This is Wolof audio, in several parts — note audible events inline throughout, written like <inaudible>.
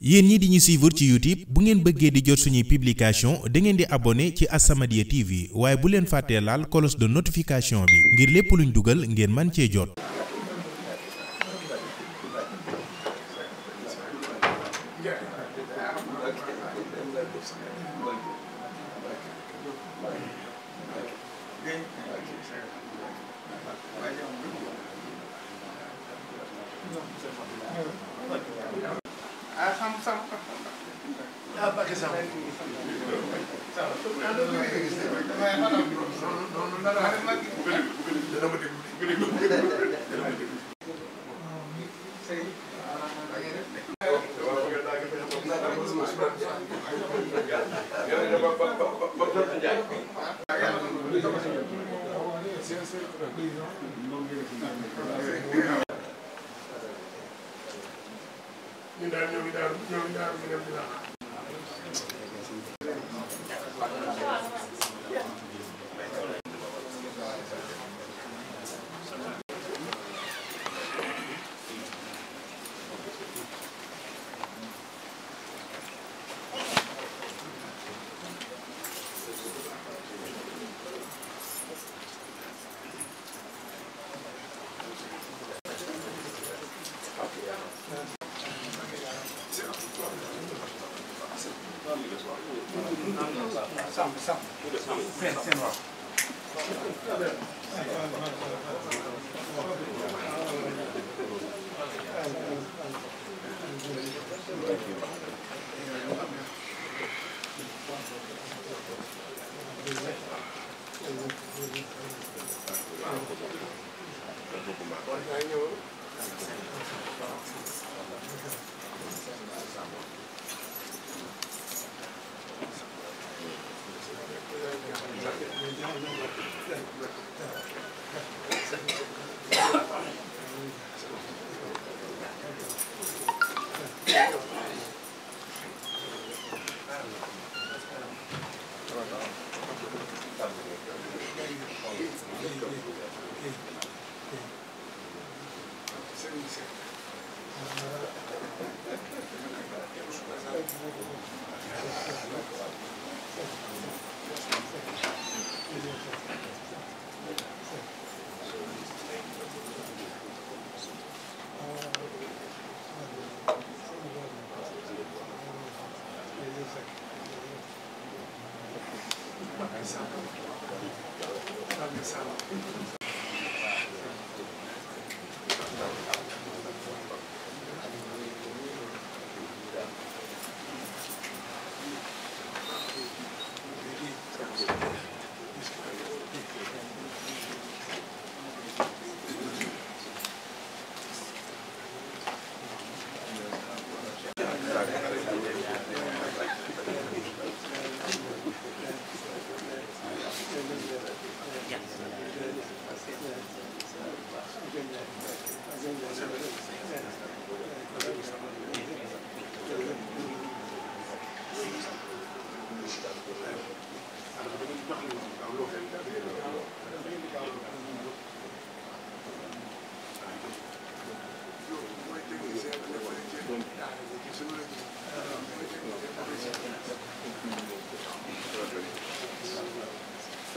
yéen ñi di ñu suivre ci YouTube bu ngeen bëggee di jot suñuy publication da ngeen di abonné ci As-Samadiyya TV waaye bu leen fàttee laal kolos de notification bi ngir lépp luñ dugal ngeen man cee jot ñun daal ñoo ngi daal ñoo ngi daal di dem seen seen waaw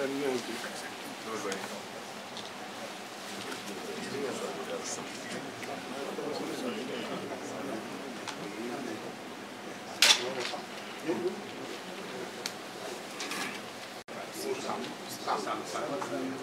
Newsweek. Sam. Sam. Sam.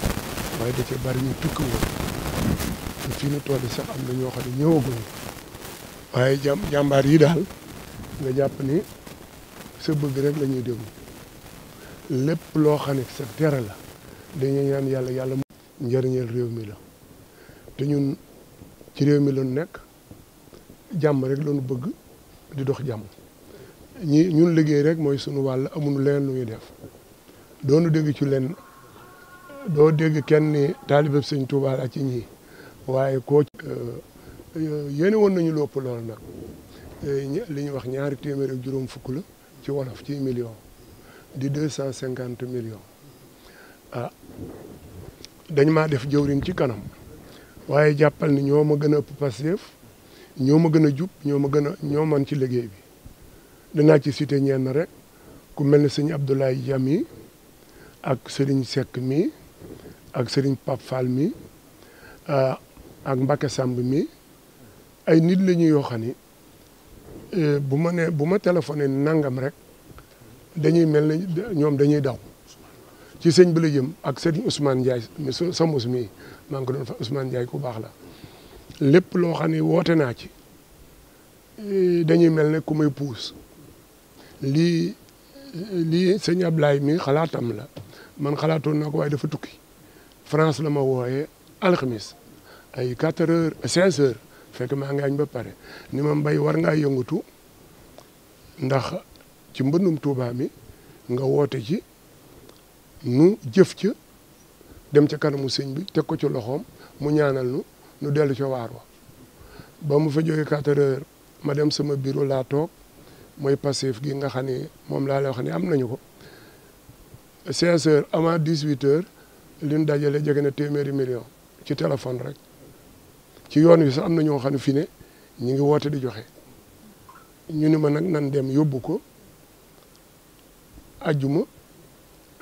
waaye da cee bari ñu tukki woon te fii nu toll sax am na ñoo xam ne ñëwaguñu waaye jàm jàmbaar yi daal nga jàpp ni sa bëgg rek lañuy ñuy lépp loo xam ne sa dara la dañuy ñaan yàlla yàlla mu njëriñal réew mi la te ñun ci réew mi lañu nekk jàmm rek lañu bëgg di dox jàmm ñi ñun liggéey rek mooy sunu wàll amuñu leen lu ñuy def doonu dégg ci lenn doo dégg kenn ni taalibe sëñ Touba ak ci ñii waaye koo euh, euh, yéene woon nañu loop lool nag euh, li ñu wax ñaari téeméer ak juróom fukk la ci wolof ci million di deux cent cinquante millions ah dañ maa def jëwriñ ci kanam waaye jàppal ni ñoo ma gën a ëpp Pastef ñoo ma gën a jub ñoo ma gën a ñoo man ci liggéey bi danaa ci cité ñenn rek ku mel ni sëñ Abdoulaye Jam yi ak Serigne Seck mii ak sëriñ Pape Fall mi euh, ak Mbacke Samb mi ay nit la ñu yoo xam bu ma nee bu ma téléphoné nangam rek dañuy mel ne ñoom dañuy daw ci sëñ bi la jëm ak Serigne Ousmane Ndiaye mi samus mii maa ngi ko doon fa Ousmane Ndiaye ku baax la lépp loo xam ne woote naa ci euh, dañuy mel ne ku may puus lii lii sëñ laay mi xalaatam la man xalaatoon naa ko waaye dafa tukki France la ma wooyee alxamis ay 4 heures fekk maa ngi añ ba pare ni ma mbay war ngaa yëngatu ndax ci mbëndum Touba nga woote ci nu jëf ca dem ca kanamu sëñ bi teg ko ci loxoom mu ñaanal nu nu dellu ca waar wa ba mu fa jógee 4 ma dem sama bureau laa toog mooy passif gii nga xam ne moom laa lay wax am nañu ko 16 heures avant 18 li dajale jege na téeméeri million ci téléphone rek ci yoon wi sax am na xam ne fi ne ñu ngi woote di joxe ñu ni ma nag nan dem yóbbu ko ajjuma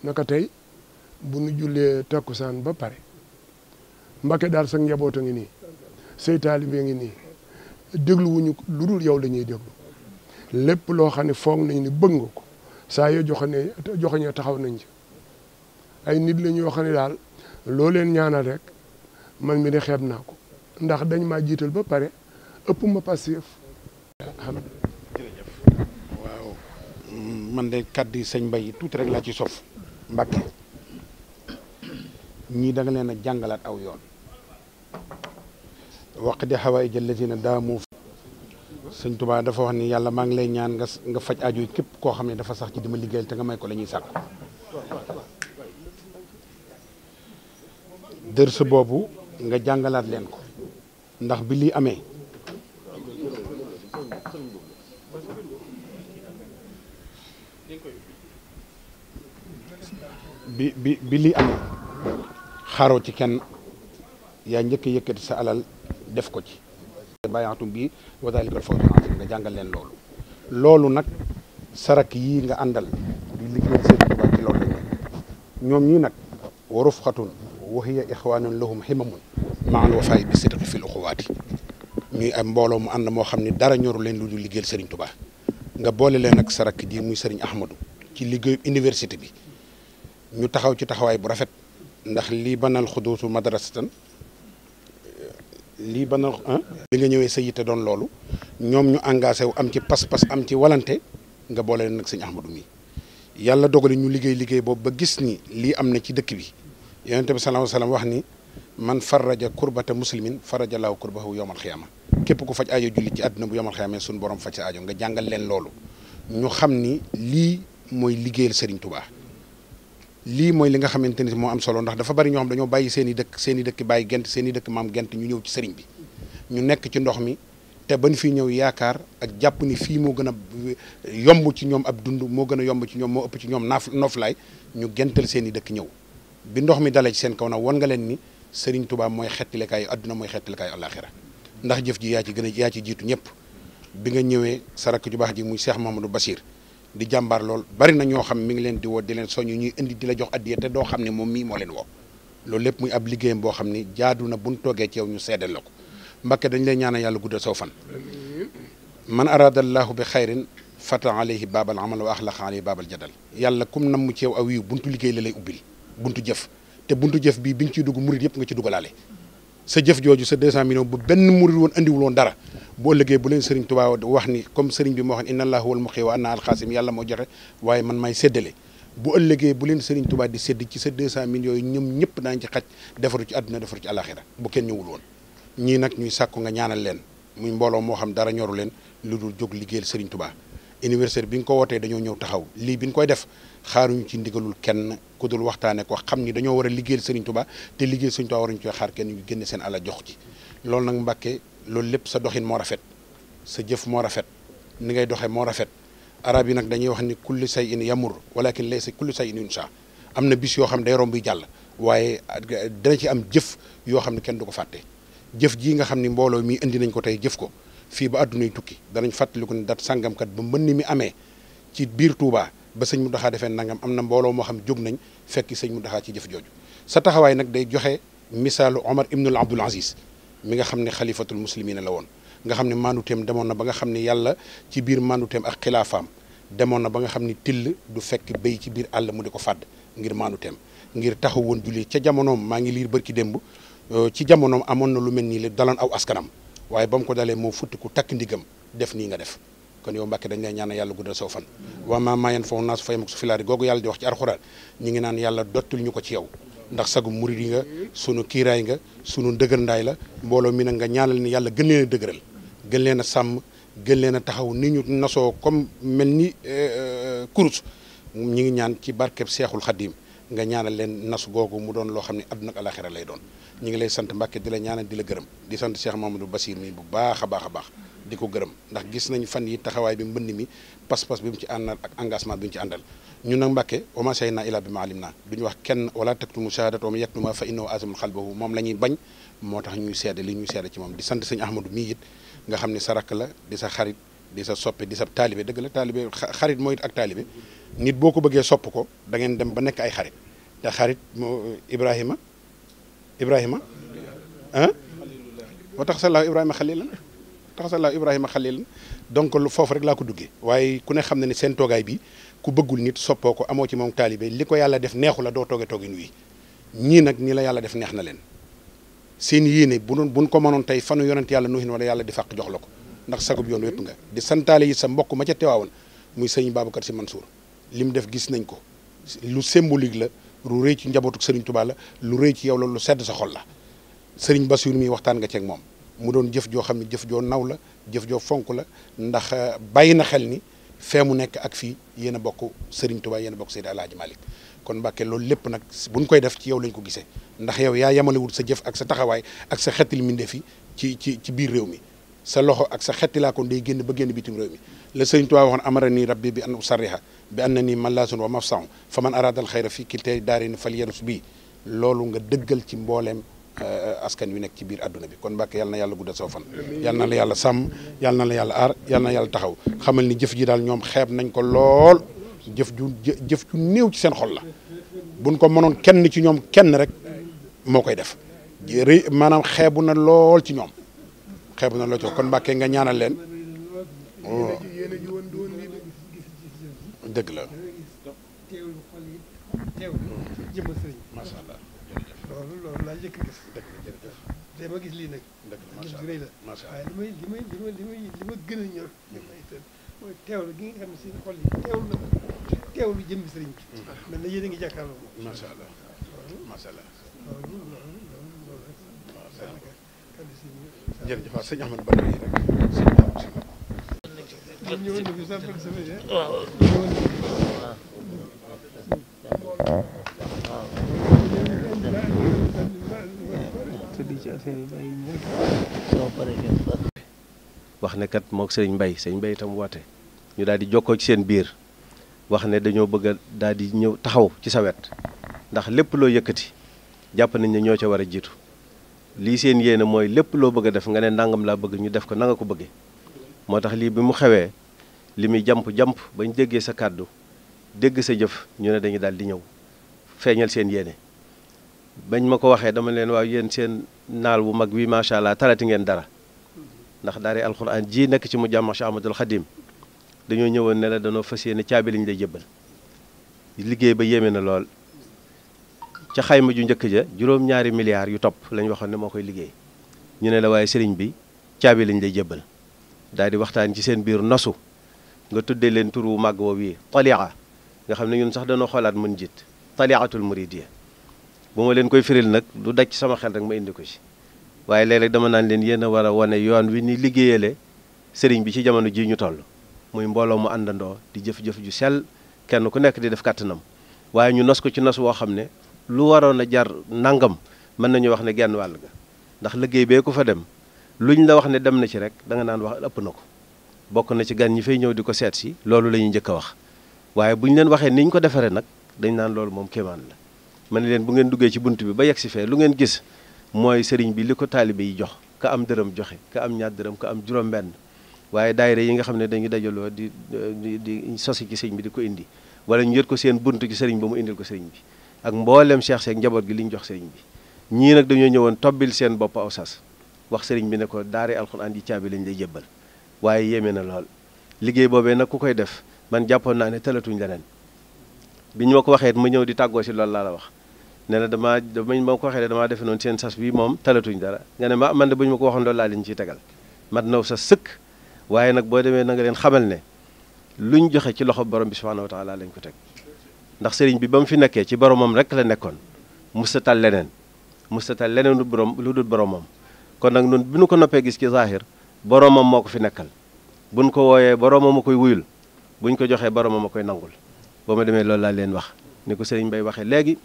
naka tey bu nu jullee takkusaan ba pare Mbàkke daal sax njaboot a nii say taalibe ngi nii dégluwuñu lu dul yow lañuy ñuy déglu lépp loo xam ne foog nañ ni bëgg nga ko saa yoo joxane joxañee taxaw nañ ci ay nit la ñoo xam ne daal loo leen ñaanal rek man mi di xeeb naa ko ndax dañ ma jiital ba pare ëpp ma passif. jërëjëf waaw man de kàddu sëñ Mbaye tuuti rek laa ci sof Mbàkke ñii danga nga leen a jàngalaat aw yoon waq di xawaay jëllatina daamu sëñ Tuubaa dafa wax ni yàlla maa ngi lay ñaan nga nga faj aajo képp koo xam ne dafa sax ci ma liggéeyal te nga may ko la ñuy sàkku dërs boobu nga jàngalaat leen ko ndax bi lii amee bi bi bi ci kenn yaa njëkk yëkkati sa alal def ko ci bàyyantum bi wadaalikal fawzu azim nga jàngal leen loolu loolu nag sarak yi nga àndal ñoom ñii nag waruf xatun wa hiya ixwaanun lahum himamun maal wafaay bi sidqi fil uxuwaati ñuy am mbooloo mu ànd moo xam ne dara ñoru leen lu dul liggéeyal sëriñ tubaa nga boole leen ak sa rakk ji muy sëriñ Ahmadou ci liggéeyu université bi ñu taxaw ci taxawaay bu rafet ndax lii banal xuduutu madrasatan lii banal li nga ñëwee sa yitte doon loolu ñoom ñu engagé wu am ci pas-pas am ci walante nga boole leen nag sëñ Ahmadou mi yàlla dogale ñu liggéey liggéey boobu ba gis ni lii am na ci dëkk bi yonente bi sallallahu alayhi wasallam ni man faraja kurbata muslimin faraja laahu kurbahu yowmal xiyaama képp ku faj aajo jullit ci àdduna bu yowmal xiyaama suñu borom faj sa nga jàngal leen loolu xam ni lii mooy liggéeyal Serigne Touba lii mooy li nga xamante ni moo am solo ndax dafa bari ñoo dañoo bàyyi seen i dëkk seen dëkk bàyyi gent seen dëkk maam gent ñu ñëw ci sëriñ bi ñu nekk ci ndox mi te ban fii ñëw yaakaar ak jàpp ni fii moo gën a yomb ci ñoom ab dund moo gën a yomb ci ñoom moo ëpp ci ñoom naaf noflaay ñu gental seeni dëkk ñëw bi ndox mi dalee ci seen kaw nag wan nga leen ni Serigne Touba mooy xettalekaayu àdduna mooy xettalekaayu àllaaxira ndax jëf ji yaa ci gën a yaa ci jiitu ñëpp bi nga ñëwee sarak ju baax ji muy seex Cheikh Mamadou Bassir di jàmbaar lool bari na ñoo xam mi ngi leen di woo di leen soñu ñuy indi di la jox addiya te doo xam ne moom mii moo leen woo loolu lépp muy ab liggéeyam boo xam ni jaadu na buñ toogee ci yow ñu seddal la ko Mbakke dañ lay ñaanal yàlla guddal saw fan man aradallahu bi xayrin fata alayhi baabal amal wa axlaqa alayhi baabal jadal yàlla kum namm ci yow aw buntu liggéey la lay ubbil buntu jëf te buntu jëf bii bi nga ciy dugg murit yëpp nga ci dugalaale sa jëf jooju sa 200 millions bu benn murit woon andiwul woon dara bu ëllëgee bu leen sëriñ Tuubaa wax ni comme sëriñ bi moo xam ne inna allaahu wal muqi wa anna alxaasim yàlla moo joxe waaye man may séddale bu ëllëgee bu leen sëriñ Tuubaa di sédd ci sa 200 millions yooyu ñoom ñëpp daañu ci xaj defaru ci àdduna defaru ci àlaxira bu kenn ñëwul woon ñii nag ñuy sàkku nga ñaanal leen muy mbooloo moo xam dara ñoru leen lu dul jóg liggéeyal sëriñ tubaa anniversaire bi nga ko wootee dañoo ñëw taxaw lii bi ñu koy def xaaruñu ci ndigalul kenn ku dul waxtaane ko xam ni dañoo war a liggéeyal Serigne Touba te liggéeyal Serigne Touba waruñu cee xaar kenn ñu génne seen ala jox ci loolu nag Mbàkke loolu lépp sa doxin moo rafet sa jëf moo rafet ni ngay doxee moo rafet arab yi nag dañuy wax ni kulli say in yamur walakin laysa kulli say in yunsa am na bis yoo xam ne day romb buy jàll waaye dana ci am jëf yoo xam ne kenn du ko fàtte jëf jii nga xam ni mbooloo mi indi nañ ko tey jëf ko fii ba àddunay tukki danañ fàttaliku ne dat sàngamkat ba mbënn mi amee ci biir Touba ba sëñ mu Muntaxa defee nangam am na mbooloo moo xam jóg nañ fekk sëñ Muntaxa ci jëf jooju sa taxawaay nag day joxe misaalu Omar ibnul Abdul Aziz mi nga xam ne xalifatul muslimina la woon nga xam ne manduteem demoon na ba nga xam ne yàlla ci biir manduteem ak xilaafaam demoon na ba nga xam ni till du fekk béy ci biir àll mu di ko fàdd ngir manduteem ngir taxaw woon julli ca jamonoom maa ngi liir bërki démb euh, ci jamonoom amoon na lu mel nii la daloon aw askanam waaye ba mu ko dalee moo futti ku takk ndigam def nii nga def kon yow Mbàkke dañ ñaan ñaanal yàlla guddal saw fan waa maa maayen faw naasu fay mag su filaari googu yàlla di wax ci alxuraan ñu ngi naan yàlla dottul ñu ko ci yow ndax sagu murid yi nga sunu kiiraay nga sunu ndëgërndaay la mbooloo mi nag nga ñaanal ni yàlla gën leen a dëgëral gën leen a sàmm gën leen a taxaw ni ñu nasoo comme mel ni euh, kurus ñu ngi ñaan ci barkeb seexul xaddiim nga ñaanal leen nas googu mu doon loo xam ne àdduna ak alaxira lay doon ñu ngi lay sant Mbàkke di la ñaanal di la gërëm di sant Cheikh Mamadou Bassir mi bu baax a baax a baax di ko gërëm ndax gis nañ fan yi taxawaay bi mbënn mi pas-pas bi mu ci àndal ak engagement bi mu ci àndal ñun nag Mbàkke wa maa shahidnaa illaa bimaa alimnaa duñu wax kenn wala taktumu shahadata wa man yaktumhaa fa innahu aasimun qalbuhu moom la ñuy bañ moo tax ñuy seede li ñuy seede ci moom di sant sëñ Ahmadou nga xam ne sa rakk la di sa xarit di sa soppe di sa taalibe dëgg la taalibe xarit mooy ak taalibe nit boo ko bëggee sopp ko dangeen dem ba nekk ay xarit te xarit moo Ibrahima Ibrahima ah wa taxasalaahu Ibrahima xalilan taxasalaahu Ibrahima xalilan donc lu foofu rek laa ko duggee waaye ku ne xam na ne seen toogaay bi ku bëggul nit soppoo ko amoo ci moom taalibe li ko yàlla def neexula doo tooge toogin wi ñii nag nii la yàlla def neex na leen seen yéene bu doon buñ ko manoon tey fanu yonant yàlla nuuhin wala yàlla di fàq jox la ko ndax sagub yoon wépp nga di santaale yi sa mbokk ma ca teewaawoon muy sëñ Babacar Si Mansour li mu def gis nañ ko lu symbolique la lu rëy ci njabootu Serigne tubaa la lu rëy ci yow la lu sedd sa xol la Serigne Bassirou mi waxtaan nga ceeg moom mu doon jëf joo xam ne jëf joo naw la jëf joo fonk la ndax euh, bàyyi na xel ni fee mu nekk ak fii yéen a bokk Serigne Touba yéen a bokk Seydi Alaaji Malick kon Mbàkke lépp nag buñ koy def ci yow lañ ko gisee ndax yow yaa yamalewul sa jëf ak sa taxawaay ak sa xetil mbindeef yi ci ci ci biir réew mi sa loxo ak sa xetilaa kon day génn ba génn bitim réew mi la Serigne Touba waxoon amara nii rab bi an usarriha bi an na ni malaasun wa mafsaun fa man araadal xayra fii kiltay daarayni falyarus bii loolu nga dëggal ci mbooleem eh, askan wi nekk ci biir àdduna bi kon Mbàkke yàlla na yàlla guddal saw fan yàlla na la yàlla sàmm yàlla na la yàlla aar yal na yàlla taxaw xamal ni jëf ji daal ñoom xeeb nañ ko lool jëf ju jëf néew ci seen xol la buñ ko mënoon kenn ci ñoom kenn rek moo koy def maanaam xeebu na lool ci ñoom xeebu na lool ci kon Mbàkke nga ñaanal leen oh. dëgg la. macha allah jërëjëf loolu loolu laa njëkk a gis. dëgg la jërëjëf. te ma gis lii nag. dëgg la macha allah macha allah waaye li may li may li may li ma gën a ñor. mooy teewlu gi nga xam ne seen xol yi teewlu la teewlu jëmmi sëriñ bi. Mm-hmm. mel na yéen a ngi jàkkaarloo. macha allah macha allah. loolu loolu loolu loolu rek. macha allah jërëjëf waaw sëñ Ahmad Badawi rek. sëñ Ahmad. ñëwoon na fi sax wax ne kat moog sëriñ Mbay sëriñ Mbay itam woote ñu daal di jokkoo ci seen biir wax ne dañoo bëgg a daal di ñëw taxaw ci sa wet ndax lépp loo yëkkati jàpp nañ ne ñoo ci war a jiitu lii seen yéene mooy lépp loo bëgg def nga ne nangam laa bëgg ñu def ko nanga ko bëggee moo tax lii bi mu xewee li muy jàmp-jàmp bañ déggee sa kàddu dégg sa jëf ñu ne dañu daal di ñëw feeñal seen yéene bañ ma ko waxee dama leen waaw yéen seen naal bu mag wi macha allah talati ngeen dara ndax daari alxuraan jii nekk ci mu jàmm Cheikh Ahmadul Xadim dañoo ñëwoon ne la danoo fas yéene caabi lañu day jëbbal liggéey ba yéeme na lool ca xayma ju njëkk ja juróom-ñaari milliards yu topp lañu waxoon ne moo koy liggéey ñu ne la waaye sëriñ bi caabi lañ day jëbbal daal di waxtaan ci seen biir nosu nga tuddee leen tur wu màgg woowu yi tali'a nga xam ne ñun sax danoo xoolaat mën jiit tali'atul muridiyya bu ma leen koy firil nag lu daj sama xel rek ma indi ko ci waaye léeg dama naan leen yéen a war wane yoon wi ni liggéeyale sëriñ bi ci jamono ji ñu toll muy mbooloo mu àndandoo di jëf-jëf ju sell kenn ku nekk di def kàttanam waaye ñu nos ko ci nos woo xam ne lu waroon a jar nangam mën nañu wax ne genn wàll ga ndax liggéey bee ku fa dem luñ la wax ne dem na ci rek da nga naan wax ëpp na ko bokk na ci gan ñi fay ñëw di ko seet si loolu la ñuy njëkk wax waaye bu ñu leen waxee ni ñu ko defaree nag dañ naan loolu moom kéemaan ma ne leen bu ngeen duggee ci bunt bi ba yegg si fee lu ngeen gis mooy sëriñ bi li ko taalibe yi jox ka am dërëm joxe ka am ñaar dërëm ka am juróom-benn waaye daayira yi nga xam ne dañuy dajaloo di di sosi ci sëriñ bi di ko indi wala ñu jot ko seen bunt ci sëriñ ba mu indil ko sëriñ bi ak mboolem Cheikh Seck njaboot gi li ñu jox sëriñ bi ñii nag dañoo ñëwoon tobbil seen bopp aw sas wax sëriñ bi ne ko daare alxuraan yi caabi lañ day jébbal waaye yéeme na lool liggéey boobee nag ku koy def man jàppoon naa ne talatuñ leneen bi ñu ko waxee ma ñëw di tàggoo si loolu laa la wax ne la damaa damañ ma ko waxee damaa defe noonu seen sas bi moom talatuñ dara nga ne ma man de bu ñu ma ko waxoon loolu laa leen ciy tegal mat naw sa sëkk waaye nag boo demee na nga leen xamal ne lu ñu joxe ci loxo borom bi subhanahu wa taala lañ ko teg ndax sëriñ bi ba mu fi nekkee ci boromam rek la nekkoon mustatal leneen mustatal leneen lu borom lu dul boromam kon nag nun bi nu ko noppee gis ci zahir boromam moo ko fi nekkal buñ ko wooyee boromam a koy wuyul buñ ko joxee boromam a koy nangul boo ma demee loolu laa leen wax ni ko sëriñ bay waxee léegi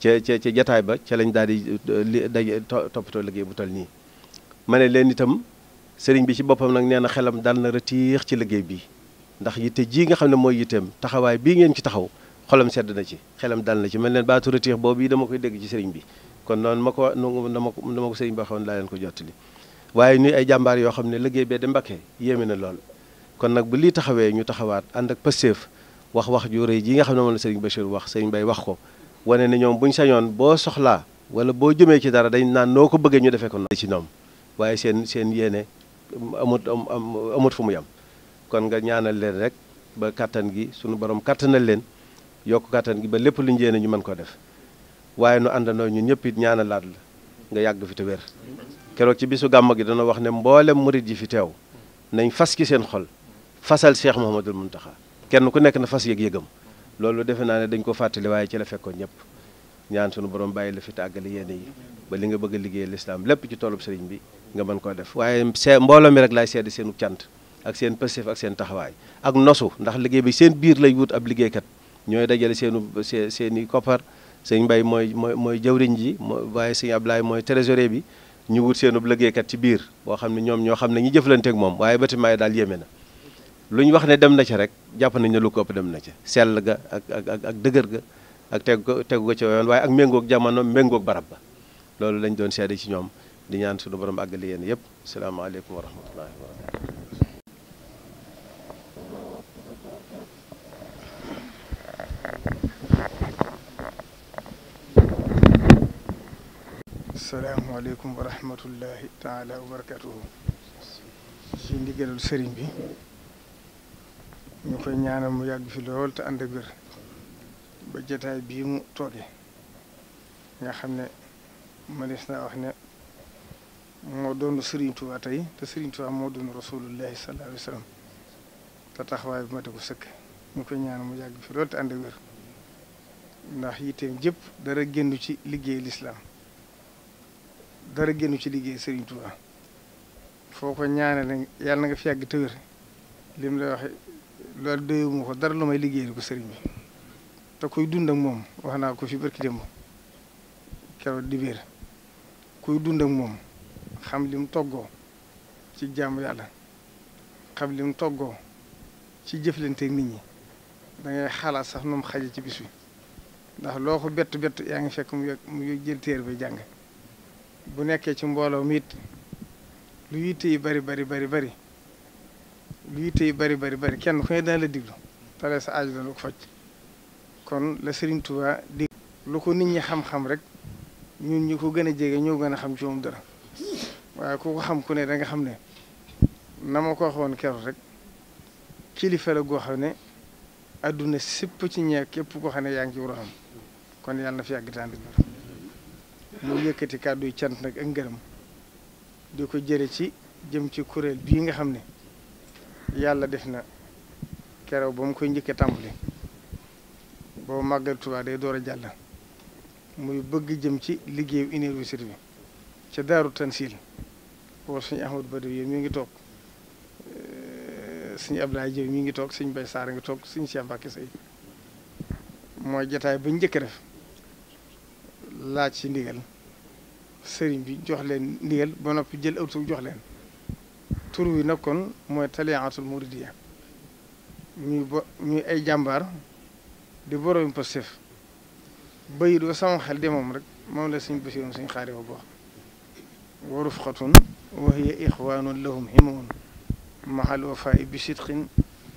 ca ca ca jataay ba ca lañ daal di euh, li daje toppatoo liggéey bu tal nii ma ne leen itam sëriñ bi ci boppam nag nee na xelam dal na retiix ci liggéey bi ndax yitte jii nga xam ne mooy yitteem taxawaay bii ngeen ci taxaw xolam sedd na ci xelam dal na ci man leen baatu retiix yi dama koy dégg ci sëriñ bi kon noonu ma ko dama ko ma ko sëriñ bi waxoon laa leen ko jottali waaye nuy ay jàmbaar yoo xam ne liggéey bee de Mbakke yéeme na lool kon nag bi lii taxawee ñu taxawaat ànd ak pësteef wax wax ju rëy ji nga xam ne moom la sëriñ Bachir wax sëriñ Bay wax ko wane na ñoom buñ sañoon boo soxlaa wala boo jëmee ci dara dañ naan noo ko bëggee ñu defee ko ci noom waaye seen seen yéene amut amut fu mu yam kon nga ñaanal leen rek ba kàttan gi sunu borom kàttanal leen yokk kàttan gi ba lépp luñ yéene ñu mën koo def waaye nu àndandoo ñun ñëpp it ñaanalaat la nga yàgg fi te wér keroog ci bisu gàmm gi dana wax ne mboolem murit yi fi teew nañ fas ki seen xol fasal Cheikh Mouhamadul Mountakha kenn ku nekk na fas yëg-yëgam loolu defe naa ne dañ ko fàttali waaye ci la fekkoon ñëpp ñaan sunu borom bàyyi la fi tàggale yéene yi ba li nga bëgg a liggéey lislaam lépp ci toolu sëriñ bi nga mën koo def waaye see mbooloo mi rek laay seede seenu cant ak seen pastéef ak seen taxawaay ak nosu ndax liggéey bi seen biir lay wut ab liggéeykat ñooy dajale seenu seen i koppar sëñ Mbay mooy mooy mooy jawriñ ji waaye sëñ Ablaay mooy trésorier bi ñu wut seenub liggéeykat ci biir boo xam ne ñoom ñoo xam ne ñu jëflanteek moom waaye bâtiment yi daal yéeme na lu ñu wax ne dem na ca rek jàpp nañ ne lu ko ëpp dem na ca sell ga ak ak ak dëgër ga ak tegu ko tegu ko ca yoon ak méngoog jamono méngoog barab ba loolu lañ doon seede ci ñoom di ñaan suñu borom àggali yéen yëpp salaamaaleykum wa rahmatullahi wa barakatu salaamaaleykum wa rahmatullahi ci ndigalul sëriñ bi ñu koy ñaanal mu yàgg fi lool te ànd ak wér ba jotaay bii mu toogee nga xam ne mënees naa wax ne moo doon Serigne Touba tey te Serigne Touba moo doon rasulullahi sallallahu alayhi wasallam te taxawaay bu mate ko sëkk ñu koy ñaanal mu yàgg fi lool te ànd ak wér ndax yitteem jëpp dara génnu ci liggéey lislaam dara génnu ci liggéey Serigne Touba foo ko ñaanale yàlla na nga fi yàgg te wér lim lay waxe loolu doyuma ko dara lu may liggéeyal ko sëriñ bi te kuy dund ak moom wax naa ko fi barki démb keroog di biir kuy dund ak moom xam lim toggoo ci jaamu yàlla xam lim toggoo ci jëflante nit ñi da xalaat sax nu mu xaje ci bis bi ndax loo ko bett bett yaa ngi fekk mu yëg mu jël téer ba jàng bu nekkee ci mbooloo mi it lu yitte yi bari bari bari bari lii tey bari bari bari kenn ku ne daan la diglu tale sa aaju dana ko faj kon la Serigne Touba di lu ko nit ñi xam-xam rek ñu ñu ko gën a jege ñoo gën a xam ci moom dara waaye ku ko xam ku ne da xam ne na ma ko waxoon keroog rek kilifa la goo xam ne adduna sépp ci ñeek képp koo xam ne yaa ngi ci war a xam kon yàlla na fi yàgg tànn mu yëkkati kàddu yi cant nag ak ngërëm di ko jëre ci jëm ci kuréel bii nga xam ne yàlla def na kerew ba mu koy njëkkee tàmbali boobu màggal Tuubaa day door a jàll muy bëgg jëm ci liggéeyu université bi ca daaru tansil boobu suñu Ahmadu Badawi yéen mi ngi toog suñu Ablaye Jaw mi ngi toog suñu Bay Saar ngi toog suñu Cheikh Mbàkke Sey mooy jataay ba njëkk def laaj ci ndigal sëriñ bi jox leen ndigal ba noppi jël ëwtu jox leen tur wi nag kon mooy taliatul muridiya ñuy bo ñuy ay jàmbaar di boroom Pastef bayit ba sama xel de moom rek moom la suñ basiroon suñ xaari ba boo wa rufqatun wa hiya ixwanun lahum himun mahal wafaa'i bi sidqin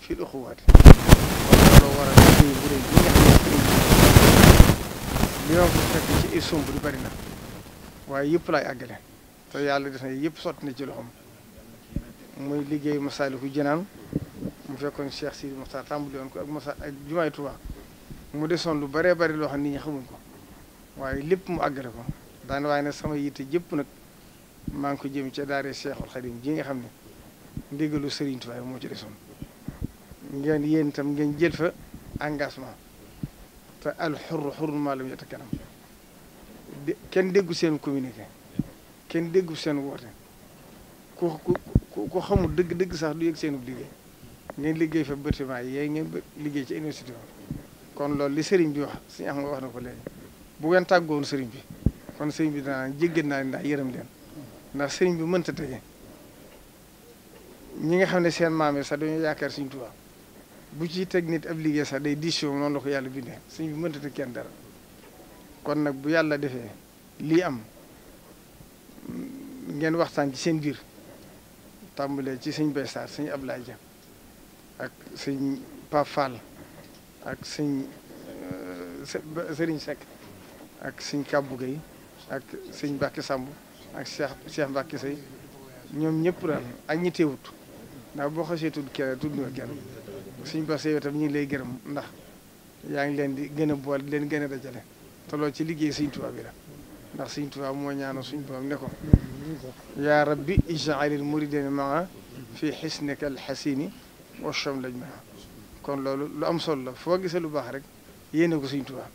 fi l uxuwaati loolu waral liggéey bu rëy bi nga xam ne li ma ko fekk ci ay somb di bari na waaye yëpp laay àggale te yàlla def na yëpp sotti na ci loxoom muy liggéey Masaalikul Jinaan mu fekkoon Cheikh Sidi Moxtaar tàmbali woon ko ak Massa ak jumaay Tuubaa mu desoon lu baree bari loo xam nit ñi xamuñ ko waaye lépp mu àggale ko daan waaye nag sama yitte jëpp nag maa ngi ko jëm ca daare Cheikhul Xadim ji nga xam ne ndigalu Serigne Touba moo ci desoon ngeen yéen itam ngeen jël fa engagement te al xurru xurru maa lam kanam kenn déggu seen communiqué kenn déggu seen woote ko xamul dëgg-dëgg sax du yëg seen liggéey ngeen liggéey fa bâtiment yi yéen ngeen liggéey ci université kon loolu li sëriñ bi wax suñu am nga wax na ko léegi bu ngeen tàggoon sëriñ bi kon sëriñ bi danaa jéggal naa ndax yërëm leen ndax sëriñ bi mënta tege ñi nga xam ne seen maam yi sax dañoo yaakaar bu ci teg liggéey sax day diisoo noonu la ko yàlla bindee sëriñ bi mënta teg kenn dara kon nag bu yàlla defee lii am ngeen waxtaan ci seen biir tàmbalee ci sëñ Bay Saar sëñ Ablaay Ja ak sëñ Pap ak sëñ euh, Sëriñ Seck ak sëñ Kàbbu Gay ak sëñ Mbàkke Sàmb ak seex Cheikh Mbàkke Sey ñoom ñëpp daal ak ñi teewut ndax boo xasee tudd kenn tudd nga kenn sëñ Bass tam ñu ngi lay gërëm ndax yaa ngi leen di gën a boole di leen gën a dajale te ci liggéey sëñ Tuubaa bi la ndax sëñ Tuubaa moo ñaanal suñ borom ne ko yaa rabbi ijaalil muridina maa fi xisnika alxasini washam laj maa kon loolu lu am sol la foo gisee lu baax rek yéene ko Sëriñ Tuubaa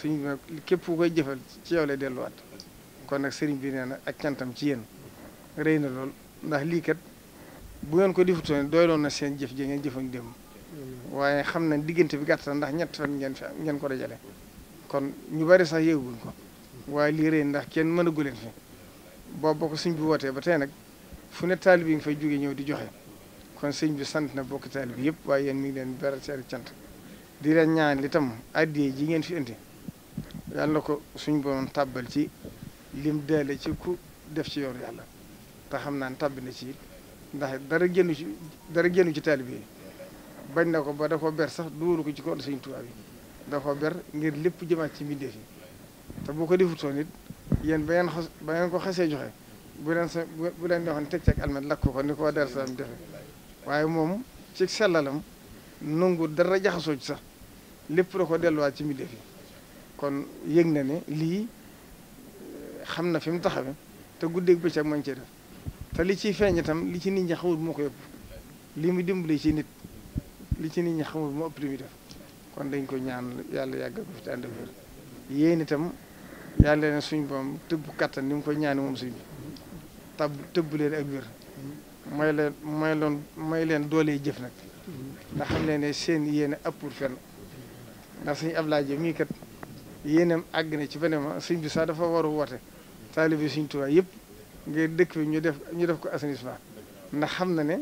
suñ képp ku koy jëfal ci yow lay delluwaat kon nag sëriñ bi nee na ak cantam ci yéen rëy na lool ndax lii kat bu ngeen ko defutoon doyloon na seen jëf jee ngeen jëfoon démb waaye xam na diggante bi gàtt na ndax ñett fan ngeen fi ngeen ko dajale kon ñu bari sax yéeguñ ko waaye lii rëy ndax kenn mën a guleen fi boo bokk suñ bi wootee ba tey nag fu ne taalibe yi nga fay jóge ñëw di joxe kon sëñ bi sant na bokk taalibe yëpp waaye yéen mi ngi leen beral seen cant di leen ñaan li tam addiyee ji ngeen fi indi yàlla na ko suñ borom tàbbal ci lim deele ci ku def ci yoonu yàlla te xam naa tàbbi na ci ndax dara génn ci dara génnu ci taalibe yi bañ na ko ba da ko ber sax duuru ko ci ko sëñ Tuubaa bi da ko ber ngir lépp jëmaat ci mbindeef yi te boo ko defutoon it yéen ba ngeen ko xasee joxe bu leen sa bu leen neexoon teg teg almet lakk ko ni ko der salaam defe waaye moom ci sellalam nangu dara jaxasoo ci sax lépp da ko delluwaat ci mbindeef yi kon yëg na ne lii eh, xam na fi mu taxawe te guddeeg bëccëg mañ cee def te li ciy feeñ itam li ci nit ñi xamul moo ko yëpp li mu dimbali ci nit li ci nit ñi xamul moo def kon dañ ko ñaan yàlla yàggal ko fi te ànd itam yàlla leen suñ boom tëbb kattan ni mu ko ñaani moom suñ bi tab tëbb leen ak wér may leen may loon may leen doole jëf nag ndax xam leen ne seen yéene ëppul fenn ndax suñu Ablaye Diop mii kat yéeneem àgg na ci beneen ma suñ bi sax dafa war woote taalibe suñ Tuubaa yëpp ngir dëkk bi ñu def ñu def ko assainissement ndax xam na ne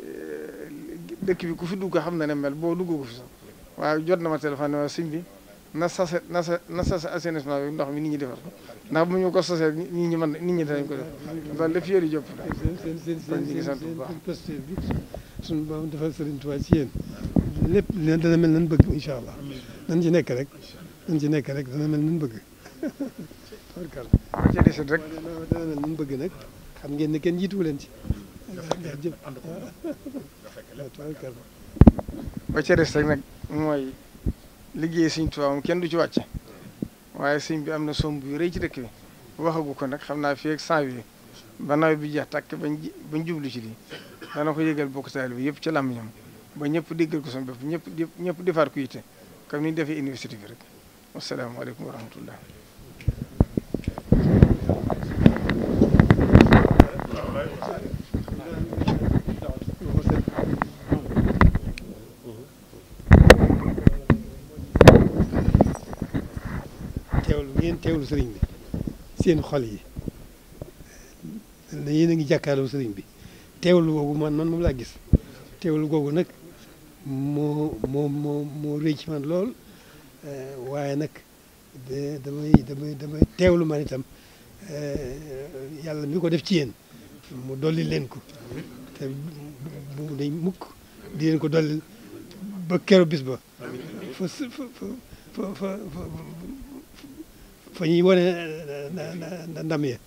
eh, dëkk bi ku fi dugg xam na ne mel boo dugg ko fi sax waaye jot na ma téléphone ma suñ bi na sase na sa na sase assainissement bi ndox mi nit ñi defar ndax mu ñu ko sasee nit ñi mën nit ñi danañ ko def loolu lépp yéen i jàpp kon ñu ngi sant bu baax suñu borom defal Sëriñ Tuubaa ci yéen lépp dana mel nan bëgg incha allah nan ci nekk rek nan ci nekk rek dana mel nan bëgg ca desit bëgg nag xam ngeen ne kenn jiituwu leen ci jëf ba ca des rek nag liggéey sëñ Tuubaa moom kenn du ci wàcc waaye sëñ bi am na somb yu rëy ci dëkk bi waxagu ko nag xam naa fii ak janvier ba nawet bi jeex tàkk bañ bañ jublu ci lii dana ko yëgal bokk taal bi yëpp ci làmmiñam ba ñëpp di ko sama bopp ñëpp ñëpp defaat ko yitte comme ni defee université bi rek wasalaamaaleykum wa rahmatullah ngeen lu sëriñ bi seen xol yi na yéen a ngi jàkkaarloo sëriñ bi teewlu googu man man moom laa gis teewlu googu nag moo moo moo moo rëy man lool eh, waaye nag damay damay damay teewlu man itam eh, yàlla mi ko def ci yéen mu dolli leen ko te bu dañ mukk di leen ko dolli ba keroog bis ba fa fa fa ñuy wane eh, eh, ndam ya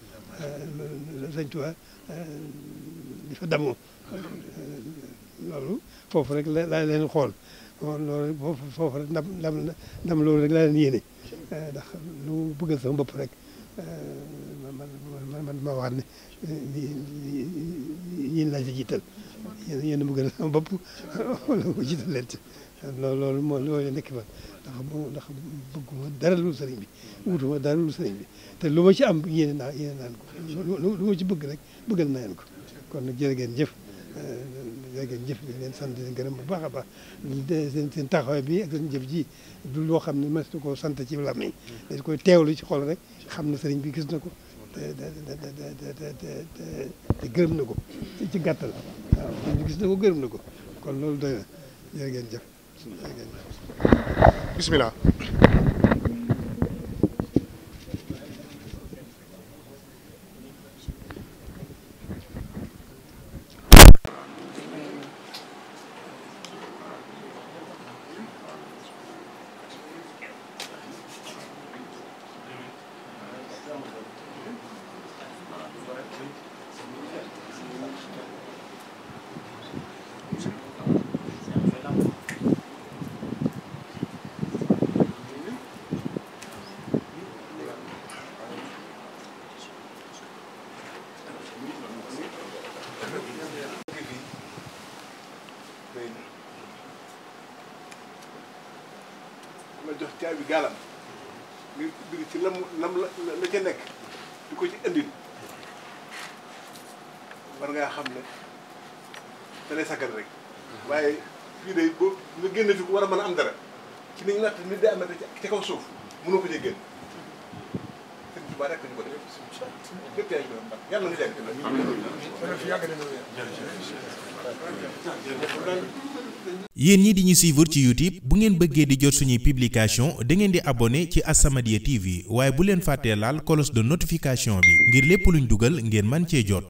eh, fa damoo loolu foofu rek laa leen xool loolu foofu rek ndam ndam loolu rek laa leen yéene lu mu bëggal sama rek man man ma wax ne ñin laa ci jiital yéen a bëggal sama bopp <laughs> wala loolu moo loolu nekk man ndax bu ndax bëgguma dara lu sëriñ bi wutuma dara lu sëriñ bi te lu ma ci am yéene naa yéene naan ko lu ma ci bëgg rek bëggal naa leen ko kon nag jërë ngeen jëf eh, jërë ngeen jëf di leen sant leen gërëm bu baax a baax seen seen taxawaay bi ak seen jëf ji du loo xam ni mas na koo sant ci làmmiñ dañ koy teewlu ci xol rek xam na sëriñ bi gis na ko te te gërëm na ko ci gàttal waaw gis na ko gërëm na ko kon loolu doy na jërë ngeen jëf bisimilah. bi gaalam ngir biri ci lam lam la la ca nekk di ko ci indil war ngaa xam ne da lay sakkan rek waaye fii de boo nga génn fi ku war a mën a am dara ci niñ natt nit day amee ci kaw suuf mënoo ko cee génn ko def lépp yaa ngi doon baax yàlla nga jàng yéen ñi di ñu suivre ci YouTube bu ngeen bëggee di jot suñuy publication da ngeen di abonné ci As-Samadiyya TV waaye bu leen fàttee laal cloche de notification bi ngir lépp luñ dugal ngeen man cee jot